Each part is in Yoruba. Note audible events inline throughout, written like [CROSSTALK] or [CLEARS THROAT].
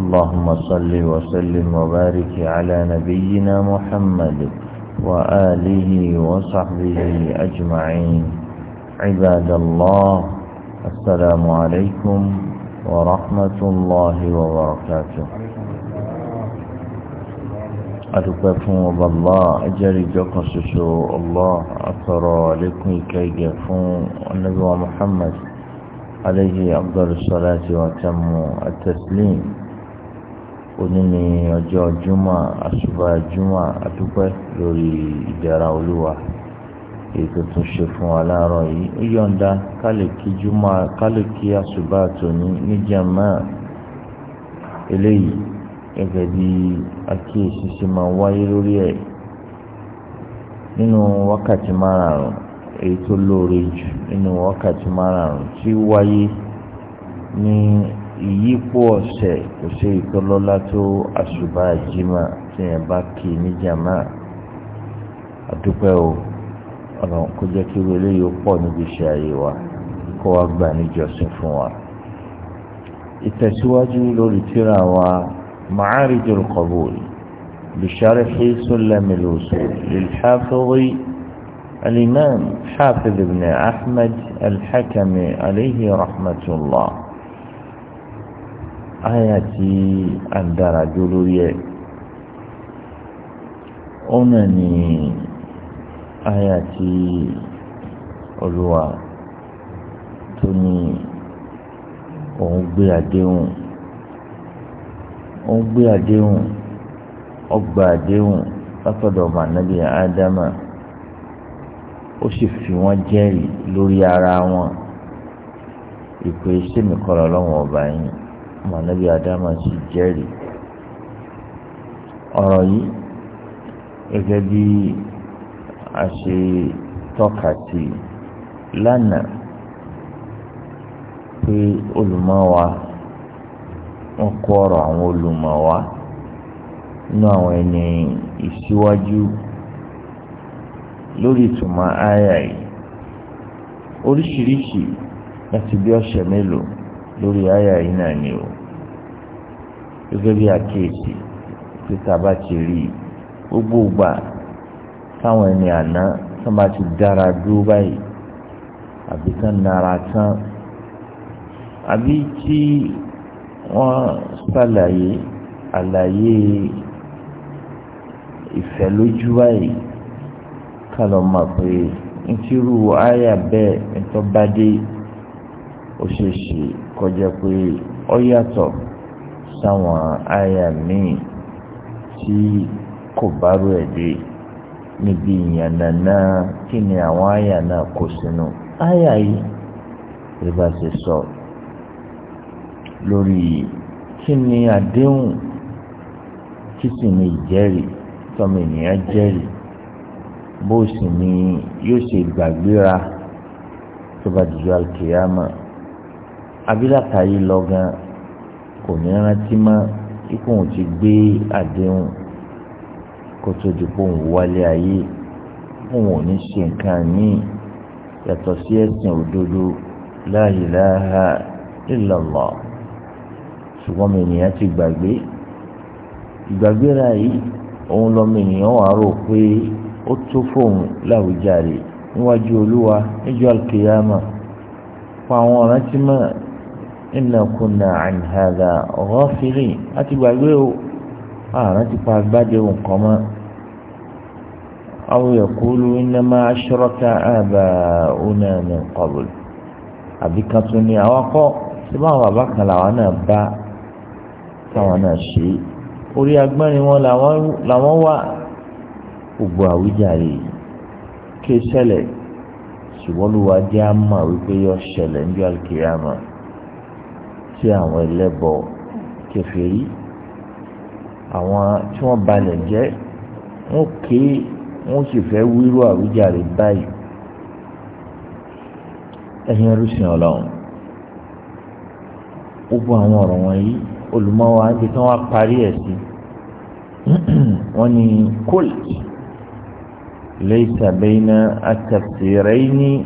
اللهم صل وسلم وبارك على نبينا محمد وآله وصحبه أجمعين عباد الله السلام عليكم ورحمة الله وبركاته أتكفون بالله أجري جقصص الله أترى لكم كي يكون النبي محمد عليه أفضل الصلاة وتم التسليم òní ni ọjọ́ juma àṣùbà juma àdúpẹ́ lórí ìdára olúwa èyí tó tún ṣe fún wa láàárọ̀ yìí ó yọ̀ǹda kálíkì juma kálíkì àṣùbà tòní níjàmá eléyìí gẹ́gẹ́ bí àkíyèsí ṣe máa wáyé lórí ẹ̀ nínú wákàtí márààrún èyí tó lóore jù nínú wákàtí márààrún tí wáyé ní. ìyípo ọ̀sẹ̀ kò ṣe ìtọ́lọ́lá tó àṣùbà jimá tí yẹn bá kì í níjàmá àdúpẹ́ o ọ̀nà kó jẹ́ kí wọlé yóò pọ̀ níbi iṣẹ́ ayé wa kó wa gbà níjọsìn fún wa. ìtẹ̀síwájú lórí tírà wa Ma'arijul Qabul bi sharhi Sulamil Usul lil Hafiz al-Imam Hafiz ibn Ahmad alayhi rahmatullah àyà tí a ń dára jó lórí ẹ̀ ọ̀nà ni àyà tí olúwa tó ní òun gbé àdéhùn òun gbé àdéhùn ọgbà àdéhùn látọ̀dọ̀ mànàbí ádámà ó sì fi wọ́n jẹ́rìí lórí ara wọn ìpè sẹ́mi kọ́ lọ́wọ́ ọba yìí ọmọ anábì adama sì jẹ́rìí ọ̀rọ̀ yìí gẹ́gẹ́ bí a ṣe tọ́ka sí lánàá pé olùmọ̀ wa wọ́n kó ọ̀rọ̀ àwọn olùmọ̀ wa nínú àwọn ẹni ìṣíwájú lórí ìtumọ̀ àyà yìí oríṣiríṣi láti bí ọ̀sẹ̀ mélòó lórí àyà yìí náà ni o gẹ́gẹ́ bí àkíyèsí tí tàbá ti rí gbogbo ìgbà táwọn ẹni àná tó bá ti dára dúró báyìí àbí tán nara tán àbí tí wọ́n ṣàlàyé àlàyé ìfẹ́ lójú báyìí ká lọ mọ̀ pé ntírú àyà bẹ́ẹ̀ ntọ́ bá dé ó ṣe é ṣe kọjá pé ó yàtọ̀ sáwọn àyà míì tí kò bárò ẹ̀ dé níbi ìyànnà náà kí ni àwọn àyà náà kó sínú àyà yìí rí bá ṣe sọ lórí kí ni àdéhùn kí sì ni ìjẹ́rìí tọ́mọ ènìyàn jẹ́rìí bó sì ni yóò ṣe gbàgbéra tó bá dìjọ́ àlùkìyámà abilata yìí lọ gan kò ní rántí mọ́ ikú òun ti gbé àdéhùn kó tó di pé òun wálé ayé òun ò ní ṣe nǹkan míì yàtọ̀ sí ẹ̀sìn òdodo la ilaha illallah ṣùgbọ́n mi ènìyàn ti gbàgbé ìgbàgbéra yìí òun lọ́mọ ènìyàn wà rò pé ó tó fóun láwùjáre níwájú olúwa níjọ́ àlùkìyàmà fún àwọn ọ̀rántí mọ́ inna kunna an hadha ghafilin àti gbàgbé o àrùn ti pa agbádé nǹkan mọ́ aw yaqulu innama ashraka aba'una min qabl àbí kan tún ní àwọn akọ́ tí báwọn bàbá kan làwọn náà bá táwọn náà ṣe orí agbẹ́rin wọn làwọn wà gbogbo àwíjàre kí ṣẹlẹ̀ ṣùgbọ́n ló wá jẹ́ àmà wípé yọ ṣẹlẹ̀ ní ọ̀kẹ́yàmọ́ tí àwọn ẹlẹ́bọ kèfèrí àwọn tí wọ́n balẹ̀ jẹ́ wọ́n ké wọ́n sì fẹ́ wíwú àwíjàre báyìí ẹ̀yin ẹrúsìn ọlọ́run gbogbo àwọn ọ̀rọ̀ wọ̀nyí olùmọ̀wá ẹni tí wọ́n parí ẹ̀ sí [CLEARS THROAT] wọ́n ní kóòlì lẹ́yìn bẹ́ẹ̀nà àtàkùrẹ́yìn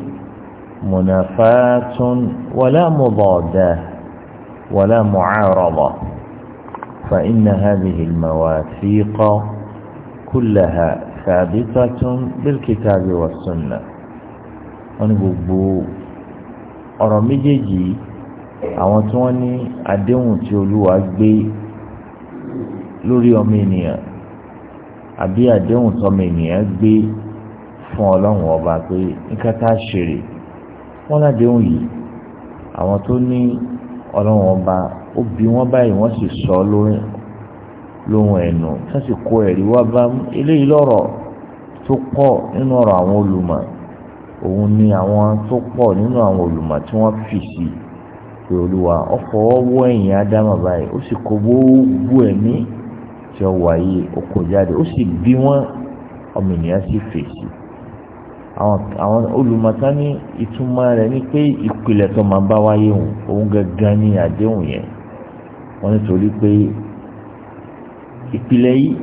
mùnàfàtún wàlámùbọ̀ọ̀dà. ولا معارضة فإن هذه المواثيق كلها ثابتة بالكتاب والسنة ونقول ọ̀rọ̀ méjèèjì àwọn tí wọ́n ní àdéhùn tí olúwa gbé lórí ọmọ ènìyàn àbí àdéhùn tọmọ ènìyàn gbé fún ọlọ́run ọba pé nǹkan tá wọ́n ládéhùn yìí àwọn tó ní ọlọ́run ọba ó bi wọ́n báyìí wọ́n sì sọ lóhùn lóhùn ẹ̀nù wọ́n sì kó ẹ̀rí wá bá eléyìí lọ́rọ̀ tó pọ̀ nínú ọ̀rọ̀ àwọn olùmọ̀ òun ni àwọn tó pọ̀ nínú àwọn olùmọ̀ tí wọ́n fi sí pé olúwa ọ̀fọ̀ ọwọ́ ẹ̀yìn ádámà báyìí ó sì kó gbogbo ẹ̀mí tí ó wáyé ó kó jáde ó sì bí wọ́n ọmọ ènìyàn sì fèsì àwọn olùmọ̀tá ní ìtumọ̀ rẹ̀ ni pé ìpìlẹ̀ tó máa bá wáyé hùn òun gangan ní àdéhùn yẹn wọ́n nítorí pé ìpìlẹ̀ yìí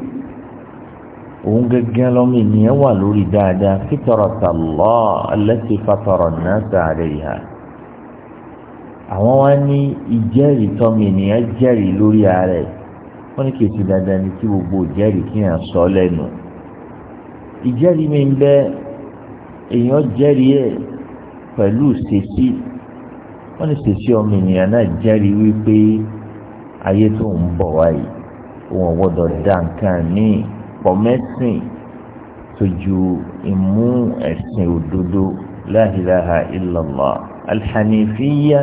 òun gangan lọ́mọ ènìyàn wà lórí dáadáa fitrata Allah allati fatara an-nasa 'alayha àwọn wá ní ìjẹ́rìí tọ́mọ ènìyàn jẹ́rìí lórí ààrẹ wọ́n ní kìí ti dandan ní kí gbogbo ìjẹ́rìí kí yàn sọ lẹ́nu ìjẹ́rìí mi ń bẹ́ẹ́ èèyàn jẹ́rìí ẹ̀ pẹ̀lú ṣèṣì wọ́n ní ṣèṣì ọmọ ènìyàn náà jẹ́rìí wípé ayé tó ń bọ̀ wáyé òun ọ̀wọ́dọ̀ dá nǹkan ní pọ̀mẹ́sìn tó ju ìmú ẹ̀sìn òdodo la ilaha illallah alhànífíyà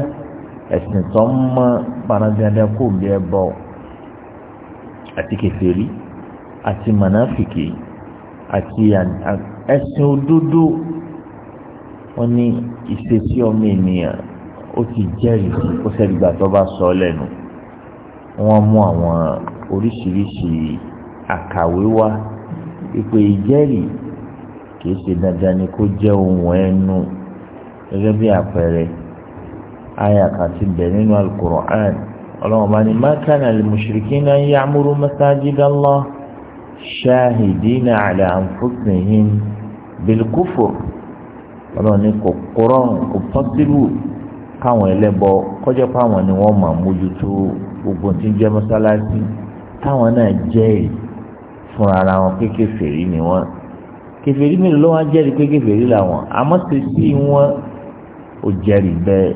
ẹ̀sìn tó ń mọ́ paradada kò bí ẹ bọ̀ àti kèfèrí àti mànáfìkì àti ẹ̀sìn òdodo. wọ́n ní ìṣesí ọmọ ènìyàn ó ti jẹ́rìí kó sẹ́dìgbà tó bá sọ ọ́ lẹ́nu wọ́n mú àwọn oríṣiríṣi àkàwé wá ìpè ìjẹ́rìí kìí ṣe dandan ni kó jẹ́ ohun ẹnu gẹ́gẹ́ bí àpẹẹrẹ ti bẹ̀ al-Qur'an ọlọ́run bá ní ma kana al-mushrikina ya'muru masajida Allah ala anfusihim bil ọlọ́run ní kò kúrọ̀rùn kò pọ́sibú káwọn ẹlẹ́bọ kọjá páwọn ni wọ́n máa mójútó gbogbo tí ń jẹ́ mọ́sálásí táwọn náà jẹ́rìí fúnra ara wọn pé kèfèrí ni wọ́n kèfèrí mélòó ló wá jẹ́rìí pé kèfèrí làwọn àmọ́ sèṣì wọn ò jẹ́rìí bẹ́ẹ̀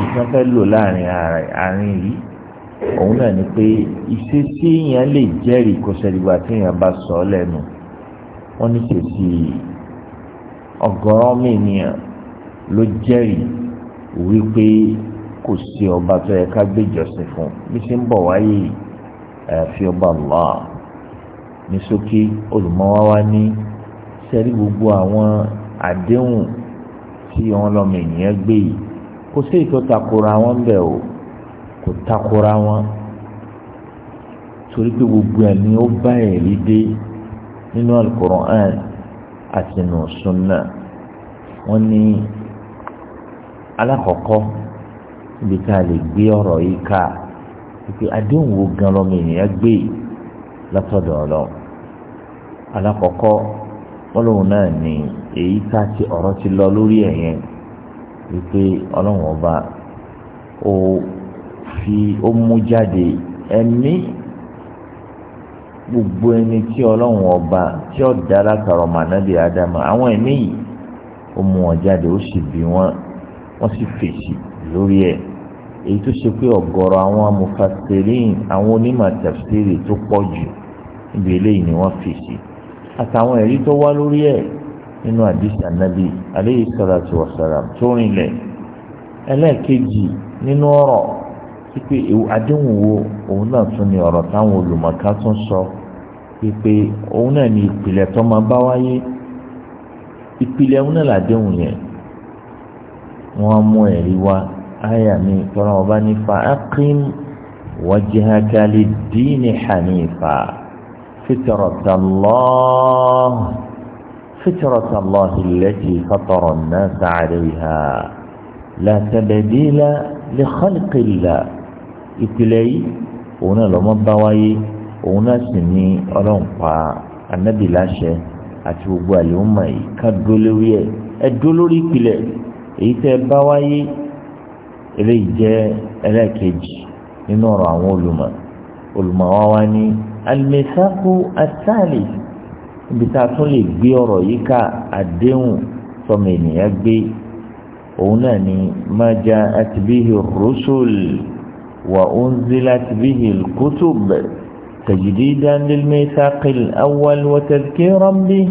ìṣàn fẹ́ lò láàrin àárín yìí òun náà ni pé ìṣesí yẹn lè jẹ́rìí kó ṣẹlẹ̀ ìgbà tí yẹn bá sọ ọ́ lẹ́nu wọ́n ní sèṣì yìí ọ̀gọ̀rọ̀ mìíràn ló jẹ́rìí wípé kò sí ọba tó yẹ ká gbéjọsìn fún bí ṣe ń bọ̀ wáyé àyàfi ọba Allah ní ṣókí olùmọ́wá wá ní sẹ́rí gbogbo àwọn àdéhùn tí wọn lọ́mọ ènìyàn gbé yìí kò sí ètò takora wọn ń o kò takora wọn torí pé gbogbo ẹ̀ ni ó bá ẹ̀rí dé nínú Al-Qur'an àti nù súnà wọ́n ní alákọ̀ọ́kọ́ ibi tá a lè gbé ọ̀rọ̀ yìí ká ìpè àdéhùn wo gan lọ́mọ ènìyàn gbé látọ̀dọ̀ ọlọ́run alákọ̀ọ́kọ́ wọ́n lóun náà ní èyí tá a ti ọ̀rọ̀ ti lọ lórí ẹ̀ yẹn wípé ọlọ́run ọba ó fi ó mú jáde ẹ̀mí gbogbo ẹni tí ọlọ́run ọba tí ó dára kàrọ̀ mànábì ádámà àwọn ẹ̀mí yìí ó mú wọn jáde ó sì bí wọn wọ́n sì fèsì lórí ẹ̀ èyí tó ṣe pé ọ̀gọ̀rọ̀ àwọn amúfàsẹ́rìn àwọn onímọ̀ tafsiri tó pọ̀ jù níbi eléyìí ni wọ́n fèsì àtàwọn ẹ̀rí tó wá lórí ẹ̀ nínú àdìsí ànábì alayhi salatu wa salam tó rinlẹ̀ ẹlẹ́ẹ̀kejì nínú ọ̀rọ̀ pípé àdéhùn wo òun náà tún ni ọ̀rọ̀ táwọn olùmọ̀ká tún sọ pípé òun náà ni ìpìlẹ̀ tó máa bá wáyé ìpìlẹ̀ òun náà làdéhùn yẹn wọ́n mú ẹ̀rí wá àyà mi tọ́ra wọn bá ní fa akim wajhaka lid-din hanifa fitratallah fitratallah allati fatara an-nasa 'alayha la tabdila li khalqillah ìpìlẹ̀ yìí òun náà lọ́mọ bá wáyé òun náà sì ní ọlọ́run pa anábì láṣẹ àti gbogbo àlèhùnmọ̀ yìí ká dó lórí ẹ̀ ẹ dó lórí ìpìlẹ̀ èyí tẹ́ ẹ bá wáyé eléyìí jẹ́ ẹlẹ́ẹ̀kejì nínú ọ̀rọ̀ àwọn olùmọ̀ olùmọ̀ wa wá ní alimẹ́sàkó asáàlì níbi tá a tún lè gbé ọ̀rọ̀ yìí ká àdéhùn sọmọ ènìyàn gbé òun náà ni máa jẹ àtibíhì rọ́ṣọ́lì. وأنزلت به الكتب تجديدا للميثاق الأول وتذكيرا به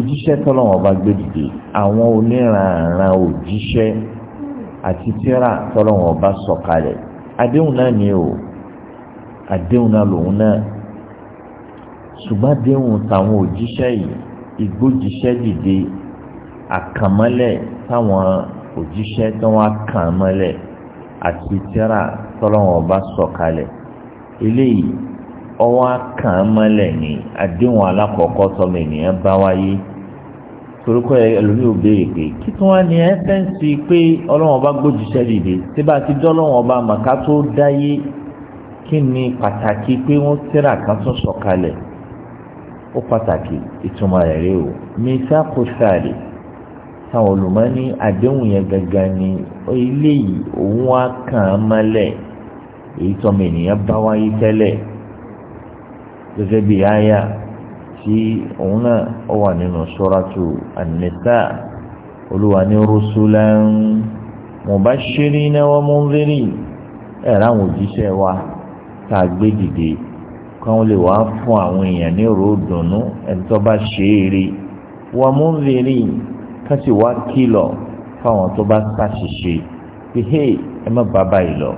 òjíṣẹ́ tọ́lọ́wọ́n bá gbé dìde àwọn oníranran òjíṣẹ́ àti tírà tọ́lọ́wọ́n bá sọ̀kalẹ̀ àdéhùn náà ni o àdéhùn náà lòun náà ṣùgbọ́n àdéhùn táwọn òjíṣẹ́ yìí ìgbójíṣẹ́ dìde àkànmọ́lẹ̀ táwọn òjíṣẹ́ tí wọ́n á àti tíra tọ́lọ́wọ́n bá sọ̀kalẹ̀ eléyìí ọwọ́ kàn án mọ́lẹ̀ ní àdéhùn alákọ̀ọ́kọ́ sọmọ ènìyàn bá wáyé torúkọ ẹlòmíì ò béèrè pé kí tí wọ́n ní ẹ́sẹ̀ǹsì pé ọlọ́wọ́n bá gbójúṣẹ́ dìde tí bá ti dọ́lọ́wọ́n bá màkà tó dáyé kí ni pàtàkì pé wọ́n tíra kan tún sọ̀kalẹ̀ ó pàtàkì ìtumọ̀ rẹ̀ rẹ̀ o mi sá kó sáà táwọn olùmọ́ni àdéhùn yẹn gangan ni ilé yìí òun wá kàn án mọ́lẹ̀ èyí tọ́mọ ènìyàn bá wáyé tẹ́lẹ̀ gẹ́gẹ́ bí aya tí òun náà ó wà nínú suratu an olúwa ní rusulan mubashirina wa mundhirin ẹ̀rọ àwọn òjíṣẹ́ wa tá a gbé dìde káwọn lè wá fún àwọn èèyàn ní òrò dùnú ẹ̀ńtọ́ bá ṣe é rí wa mundhirin ká sì wá kìlọ̀ fáwọn tó bá ṣàṣìṣe pé hey ẹ má bá báyìí lọ.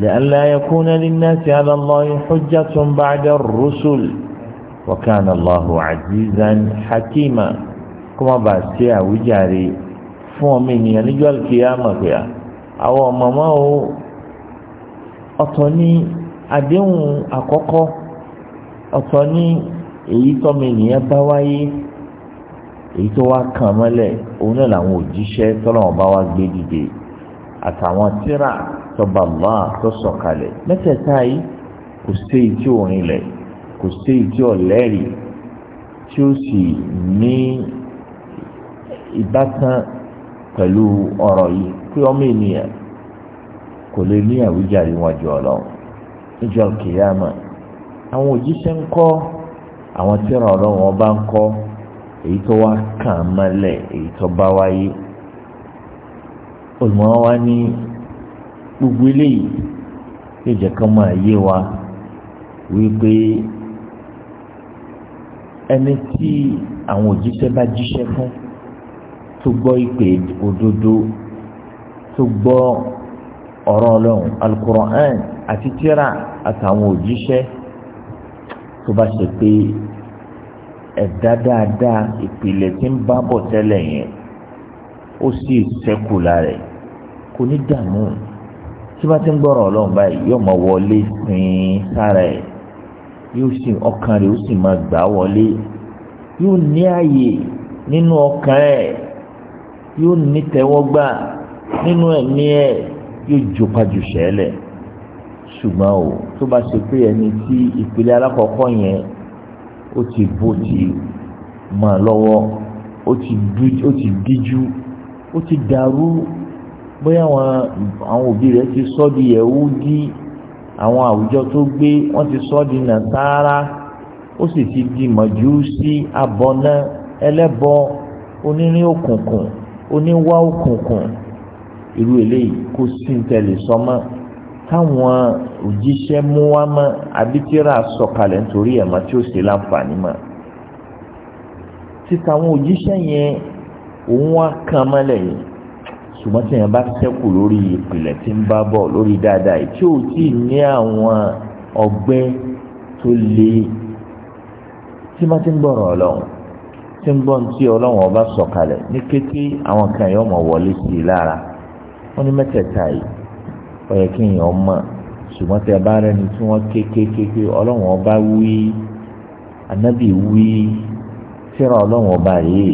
لئلا يكون للناس على الله حجة بعد الرسل وكان الله عزيزا حكيما كما باسي وجاري فوميني يعني جوال كيامة فيها àwọn màmá o ọ̀tọ̀ ní àdéhùn àkọ́kọ́ ọ̀tọ̀ ní èyí tọ́mọ ènìyàn bá wáyé èyí tó wá kàn mọ́lẹ̀ òun náà làwọn òjíṣẹ́ tọ́lọ́wọ́n bá wá gbé dìde àtàwọn tíra tọba Allah tó sọ̀kalẹ̀ mẹ́tẹ̀ẹ̀ta yìí kò sí èyí tí ò rinlẹ̀ kò sí èyí tí ò lẹ́rìí tí ó sì ní ìbátan pẹ̀lú ọ̀rọ̀ yìí pé ọmọ ènìyàn kò lè ní àwíjàre wájú ọlọ́run níjọ́ kìyàmà àwọn òjíṣẹ́ ń kọ́ àwọn tíra ọlọ́run ọba ń kọ́ èyí tó wá kàn án mọ́lẹ̀ èyí tó bá wáyé olùmọ̀ wa ní gbogbo eléyìí yóò jẹ́ ká máa yé wa wípé ẹni tí àwọn òjíṣẹ́ bá jíṣẹ́ fún tó gbọ́ ìpè òdodo tó gbọ́ ọ̀rọ̀ ọlọ́run alukur'an àti tírà àtàwọn òjíṣẹ́ tó bá ṣe pé ẹ̀dá dáadáa ìpìlẹ̀ tí ń bá bọ̀ tẹ́lẹ̀ yẹn ó sì sẹ́kù lára ẹ̀ kò ní dààmú tí bá ti ń gbọ́rọ̀ ọlọ́run báyìí yóò máa wọlé sìn sára ẹ̀ yóò sì ọkàn rẹ̀ ó sì máa gbà wọlé yóò ní ààyè nínú ọkàn ẹ̀ yóò ní tẹ́wọ́gbà nínú ẹ̀mí ẹ̀ yóò jòpajù sẹ́lẹ̀ ṣùgbọ́n o tó bá ṣe pé ẹni tí ìpìlẹ̀ alákọ̀ọ́kọ́ yẹn ó ti bó ti mọ̀ lọ́wọ́ ó ti díjú ó ti dàrú bóyá àwọn àwọn òbí rẹ̀ ti sọ di Yẹhudi àwọn àwùjọ tó gbé wọ́n ti sọ di Nàsárà ó sì ti di Májúsí abọ́ná ẹlẹ́bọ onírìn òkùnkùn oníwá òkùnkùn irú eléyìí kò sí ní tẹ̀lé sọ́mọ́. So táwọn òjíṣẹ́ mú wá mọ́ abitira sọ̀kalẹ̀ nítorí ẹ̀ máa tí ó ṣe láǹfààní mọ́ títa àwọn òjíṣẹ́ yẹn òun wá kan mọ́lẹ̀ yìí ṣùgbọ́n tí yẹn bá ṣẹ́kù lórí ìpìlẹ̀ tí ń bá bọ̀ lórí dáadáa yìí tí ò tí ì ní àwọn ọgbẹ́ tó le tí má ti ń gbọ́rọ̀ ọlọ́run tí ń gbọ́ tí ọlọ́run ọba sọ̀kalẹ̀ ní kété àwọn kan yóò mọ̀ wọlé sí i lára wọ́n ní mẹ́tẹ̀ẹ̀ta yìí ó yẹ kí èèyàn mọ̀ ṣùgbọ́n tẹ bá rẹni tí wọ́n kékékéké ọlọ́run ọba wí anábì wí síra ọlọ́run ọba rèé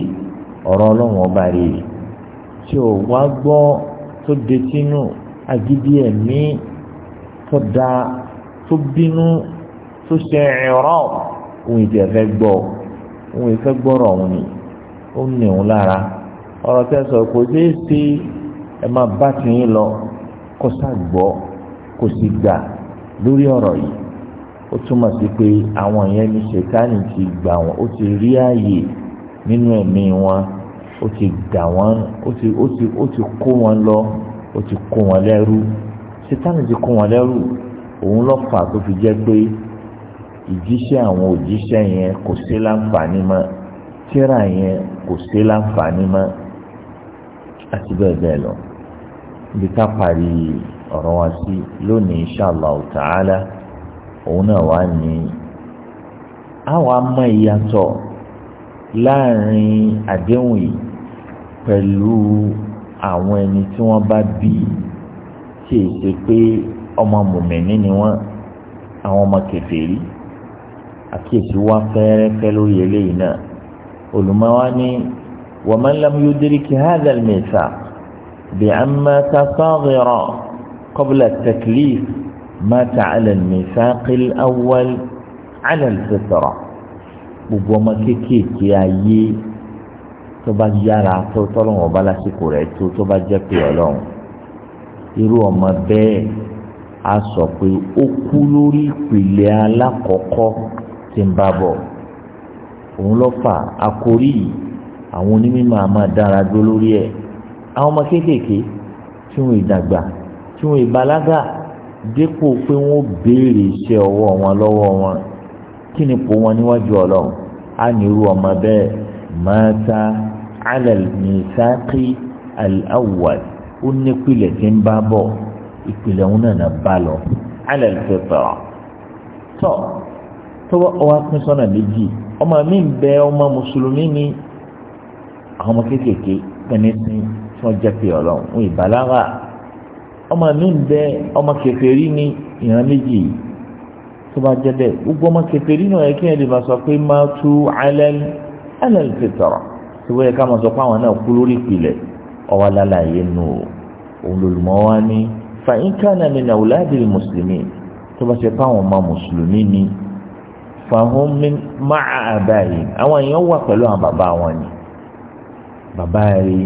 ọ̀rọ̀ ọlọ́run ọba rèé tí ò wá gbọ́ tó detínú agídí ẹ̀mí tó da tó bínú tó ṣe ẹ̀rọ òun ìdí ẹ̀fẹ́ gbọ́ òun ìfẹ́ gbọ́rọ̀ òun ni ó ní lára ọ̀rọ̀ tẹ́ sọ kò ṣeé ṣe ẹ máa bá tiyín lọ kó ṣàgbọ́ kó sì gbà lórí ọ̀rọ̀ yìí ó túmọ̀ sí pé àwọn yẹn ní ṣètánì ti gbà wọn ó ti rí ààyè nínú ẹ̀mí wọn ó ti dà wọn ó ti ó ti ó ti kó wọn lọ ó ti kó wọn lẹ́rú ṣètánì ti kó wọn lẹ́rú òun ló fà tó fi jẹ́ pé ìjíṣẹ́ àwọn òjíṣẹ́ yẹn kò sí láǹfààní mọ́ tíra yẹn kò sí láǹfààní mọ́ àti bẹ́ẹ̀ bẹ́ẹ̀ lọ bí ká parí ọ̀rọ̀ wa sí lónìí inshallah ta'ala òun náà wà ní àwọn amọ̀ ìyàtọ̀ láàrin àdéhùn yìí pẹ̀lú àwọn ẹni tí wọ́n bá bí tí è ṣe pé ọmọ mùmẹ́ni ni wọ́n àwọn ọmọ kèfèrí àkíyèsí wá fẹ́ẹ́rẹ́fẹ́ lórí eléyìí náà olùmọ́wá ní wa man lam yudrik hadha al-mithaq. بعما تصاغر قبل التكليف مات على الميثاق الأول على الفطرة gbogbo ọmọ kéékèèké ayé tó bá yára tó tọ́lọ́wọ́n bá lásìkò rẹ̀ tó tó bá jẹ́ pé ọlọ́run irú ọmọ bẹ́ẹ̀ a sọ pé ó kú lórí ìpìlẹ̀ alákọ̀ọ́kọ́ tí ń bá bọ̀ òun lọ́fà àkórí àwọn onímọ̀ àmọ́ dára dó lórí ẹ̀ àwọn ọmọ kéékèèké tí wọn ìdàgbà tí wọn ìbàlágà dépò pé wọn béèrè iṣẹ́ ọwọ́ wọn lọ́wọ́ wọn kí ni ipò wọn níwájú Ọlọ́run á ní irú ọmọ bẹ́ẹ̀ mata ala al-misaqi al-awwal ó ní ìpìlẹ̀ tí ń bá bọ̀ ìpìlẹ̀ òun náà nà bá lọ ala al-fitra tọ tọwọ ọwọ pín sọ́nà méjì ọmọ mi ń bẹ ọmọ mùsùlùmí ni àwọn ọmọ kéékèèké pẹnisìn tí wọ́n jẹ́ pé ọlọ́run ń ìbàlára ọmọ mi ń bẹ ọmọ kèfèrí ní ìran méjì tó bá jẹ́ bẹ́ẹ̀ gbogbo ọmọ kèfèrí náà yẹ kí ẹ lè máa sọ pé máa tú alẹ́lẹ́ alẹ́lẹ́ ti tọ̀rọ̀ tó bá yẹ ká máa sọ pé àwọn náà kú lórí ìpìlẹ̀ ọwọ́ lálàyé nù òun lòlùmọ́ wa ní fàyín kánà mi náà wùládìí mùsùlùmí tó bá ṣe pé ọmọ mùsùlùmí ni fàhún mi máa àbáyé àwọn èèyàn wà pẹ̀lú àwọn bàbá wọn ni bàbá rí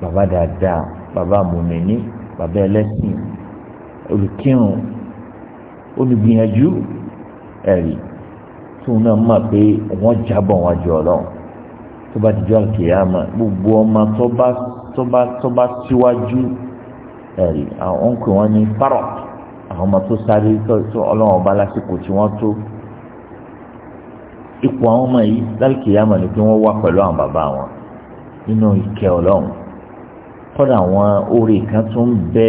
Baba dáadáa baba mùmíní baba ẹlẹ́sìn olùkírun olùgbìyànjú ẹ̀rí tóun náà mọ̀ pé wọ́n jábọ̀ wọn jù ọlọ́run tó bá dijọ́ àkèyàmọ̀ gbogbo ọmọ tó bá tó bá tó bá síwájú ẹ̀rí àwọn ń pè wọ́n ní parrot àwọn ọmọ tó sáré tó ọlọ́run ọba lásìkò tí wọ́n tó ipò àwọn ọmọ yìí lálùkèyàmọ̀ ni pé wọ́n wá pẹ̀lú àwọn bàbá wọn nínú ìkẹ́ ọlọ́run kọ́dà àwọn orí kan tó ń bẹ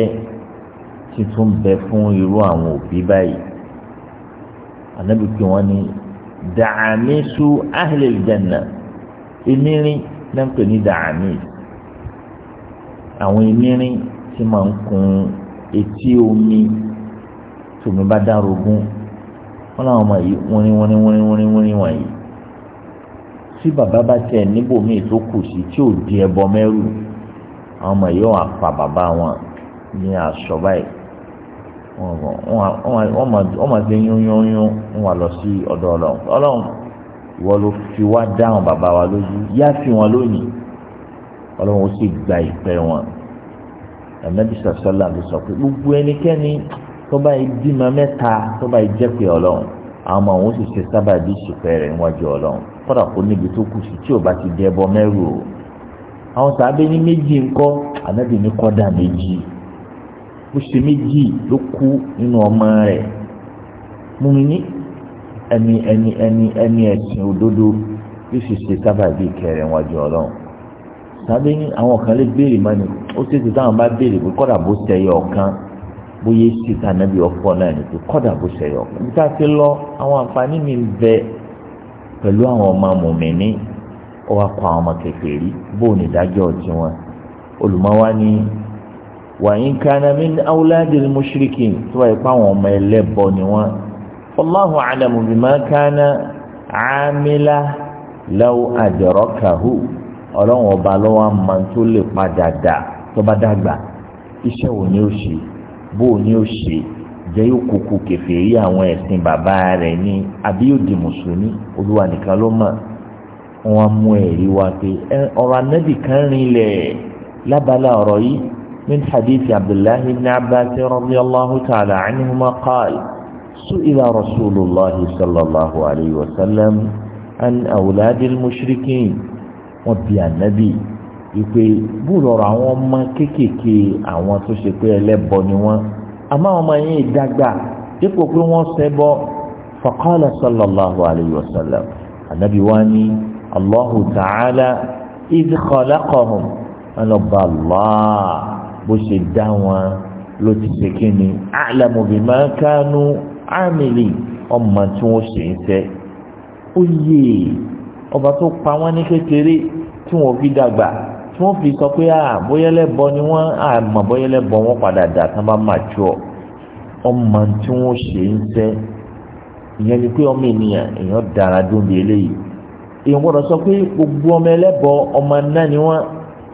tí tó ń bẹ fún irú àwọn òbí báyìí ànábì pé wọ́n ní dàámísù ahlil janna ìnírin náà ń pè ní dàámí àwọn ìnírin tí máa ń kun etí omi tòmí bá dárogún wọn làwọn ọmọ yìí wọn ni wọn ni wọn ni tí bàbá bá tẹ níbòmíì tó kù sí tí ò di ẹbọ mẹ́rù àwọn ọmọ yìí wọ́n pa bàbá wọn ní aṣọ báyìí wọ́n máa ṣe yúnyúnyún wọ́n wà lọ sí ọ̀dọ̀ ọlọ́run ọlọ́run ìwọ ló fi wá dá àwọn bàbá wa lójú yá fi wọn lónìí ọlọ́run ó sì gba ìpẹ́ wọn ẹ̀mẹ́bí sọ̀sọ́lá ló sọ pé gbogbo ẹnikẹ́ni tó bá yìí bímọ mẹ́ta tó bá yìí jẹ́ pé ọlọ́run àwọn ọmọ òun sì ṣe sábàbí ìṣùpẹ́ rẹ̀ níwájú ọlọ́run kọ́dà kó níbi tó kù sí tí ò bá ti dẹ́bọ mẹ́rù o àwọn sàbẹ̀ ní méjì ńkọ́ ànábì ní kọ́dà méjì ó ṣe méjì ló kú nínú ọmọ rẹ̀ mùmíní ẹni ẹni ẹni ẹni ẹ̀sìn òdodo yóò ṣe ṣe sábàbí kẹrin wájú ọlọ́run sàbẹ̀ ní àwọn kan lè béèrè mọ́ni ó ṣètò táwọn bá béèrè pé kọ́dà bó ṣẹyọ ọ̀kan bóyá èsì tànàbí ọ̀pọ̀ náà ni pé kọ́dà bó ṣẹyọ ọ̀kan níta ti lọ àwọn àǹfààní mi bẹ pẹ̀lú àwọn ọmọ mùmíní ó wá kọ àwọn ọmọ kèfèrí bó ní ìdájọ́ tiwọn olùmọ́wá ní wàyín kana min tó pa ọmọ ẹlẹ́bọ ni wọn wallahu a'lamu bima kana amila law adọrọ ọlọ́run ọba lọ́wọ́ máa lè padà dà tó bá dàgbà iṣẹ́ wo ni ó ṣe bó ni ó ṣe jẹ́ yóò kúkú wọ́n mú ẹ̀rí wá pé ọ̀rọ̀ anábì kan rinlẹ̀ lábala ọ̀rọ̀ yìí min hadithi abdullahi ibn abbas radiyallahu ta'ala anhuma qala su'ila rasulullahi sallallahu alayhi wa sallam an awladil mushrikin wọ́n bi anábì ìpè búrọ̀rọ̀ àwọn ọmọ kéékèèké àwọn tó ṣe pé ẹlẹ́bọ ni wọ́n àmọ́ àwọn ọmọ yẹn ìdágbà dípò pé wọ́n ṣẹbọ faqala sallallahu alayhi wa sallam anábì wá ní. allahu ta'ala idh khalaqahum ọlọ́ba allah bó ṣe dá wọn ló ti ṣe kí ni a'lamu bima kanu amili tí wọ́n ṣe ń fẹ́ oye ọba tó pa wọ́n ní kékeré fi fi sọ pé à bóyẹ́lẹ́ bọ ni wọ́n àmọ́ bóyẹ́lẹ́ padà dà èèyàn gbọ́dọ̀ sọ pé gbogbo ọmọ ẹlẹ́bọ ọmọ náà ni wọ́n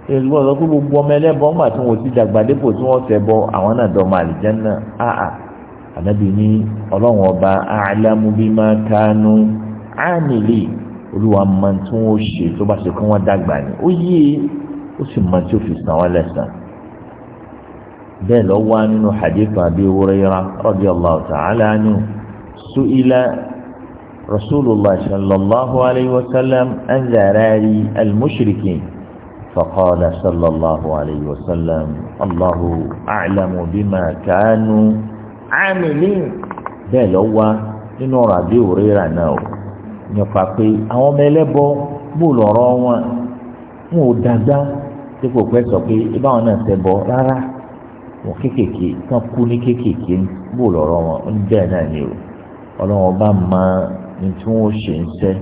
èèyàn gbọ́dọ̀ sọ pé gbogbo ọmọ ẹlẹ́bọ ọmọ àti wọn ò ti dàgbà dépò tí wọ́n fẹ́ bọ àwọn náà dọ̀mọ àlìjẹ́nà àà ànábì ní ọlọ́run ọba àlámú bí máa kánú ánìlì olúwa máa tí wọ́n ṣe tó bá ṣe kí wọ́n dàgbà ni ó yí ó sì máa tí ó fi sàn wọ́n lẹ́sàn bẹ́ẹ̀ lọ́wọ́ nínú hadith Abi Hurairah radiyallahu ta'ala anhu su'ila رسول الله صلى الله عليه وسلم عن ذرار المشركين فقال صلى الله عليه وسلم الله أعلم بما كانوا عاملين bẹ́ẹ̀ lọ wá nínú ọ̀rọ̀ àbí òrìrà náà o nípa pé àwọn ọmọ ẹlẹ́bọ bò lọ́rọ̀ wọn wọn ò dàgbà tí kò pẹ́ sọ pé ibà wọn náà ṣẹbọ rárá wọn kéékèèké kan kú ní kéékèèké bò lọ́rọ̀ wọn ń bẹ́ẹ̀ náà ni o ọlọ́wọ́n bá máa ní tí wọ́n ṣe ń sẹ́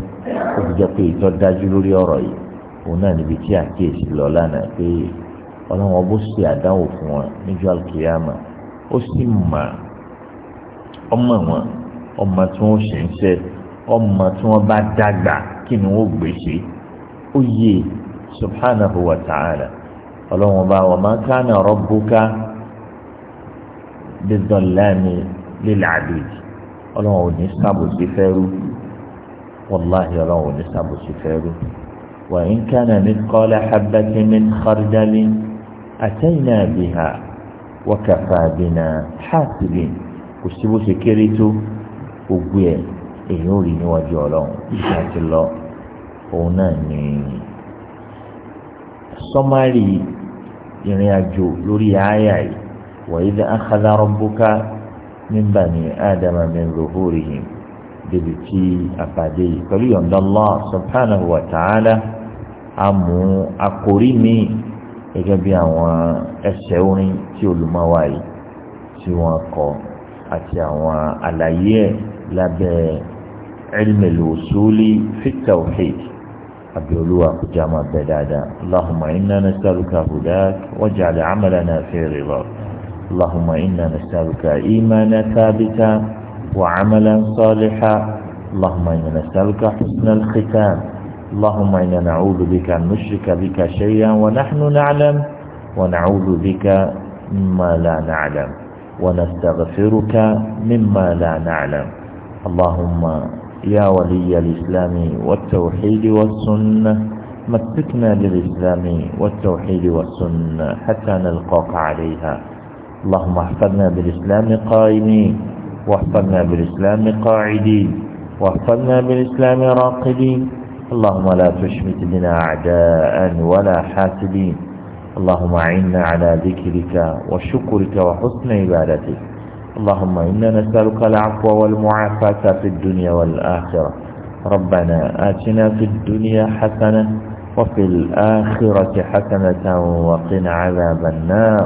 ó fi jẹ́ pé ìtọ́ dájú lórí ọ̀rọ̀ yìí òun náà níbi tí àkíyèsí lọ lánàá pé ọlọ́run ọbó ṣe àdánwò fún wọn níjọ́ àlùkìyàmà ó sì mà ọmọ wọn ọmọ tí wọ́n ṣe ń sẹ́ ọmọ tí wọ́n bá dàgbà kí ni wọ́n gbé ṣe ó yẹ e, subhanahu wa ta'ala ọlọ́run ọba wa ma kana rabbuka bizzallami lil abid ọlọ́run ò ní sábòsí fẹ́rú wàláhì ọlọ́run ò sábòsí fẹ́rú. وإن كان مثقال حبة من خردل أتينا بها وكفى بنا حاسبين kò sí bó ṣe kéré tó gbogbo ẹ èèyàn ò rí níwájú ọlọ́run láti lọ òun náà ní sọmárì ìrìn àjò lórí àáyà yìí wa idha akhadha rabbuka min bani ádámà min zuhurihim débi tí àpàdé yìí pẹ̀lú yọ̀ǹda Allah subhanahu wa ta'ala amú akórí mi gẹ́gẹ́ bí àwọn ẹsẹ̀ orin tí olùmọ̀wá yìí tí wọ́n kọ àti àwọn àlàyé ẹ̀ lábẹ́ ilmil usuli fi tawhid abiyoluwa kujama bẹ dáadáa allahumma inna nasaluka hudak waj'al amalana fi ridak. اللهم إنا نسألك إيمانا ثابتا وعملا صالحا اللهم إنا نسألك حسن الختام اللهم إنا نعوذ بك أن نشرك بك شيئا ونحن نعلم ونعوذ بك مما لا نعلم ونستغفرك مما لا نعلم اللهم يا ولي الإسلام والتوحيد والسنة مسكنا للإسلام والتوحيد والسنة حتى نلقاك عليها اللهم احفظنا بالإسلام قائمين واحفظنا بالإسلام قاعدين واحفظنا بالإسلام راقدين اللهم لا تشمت بنا أعداء ولا حاسدين اللهم أعنا على ذكرك وشكرك وحسن عبادتك اللهم إنا نسألك العفو والمعافاة في الدنيا والآخرة ربنا آتنا في الدنيا حسنة وفي الآخرة حسنة وقنا عذاب النار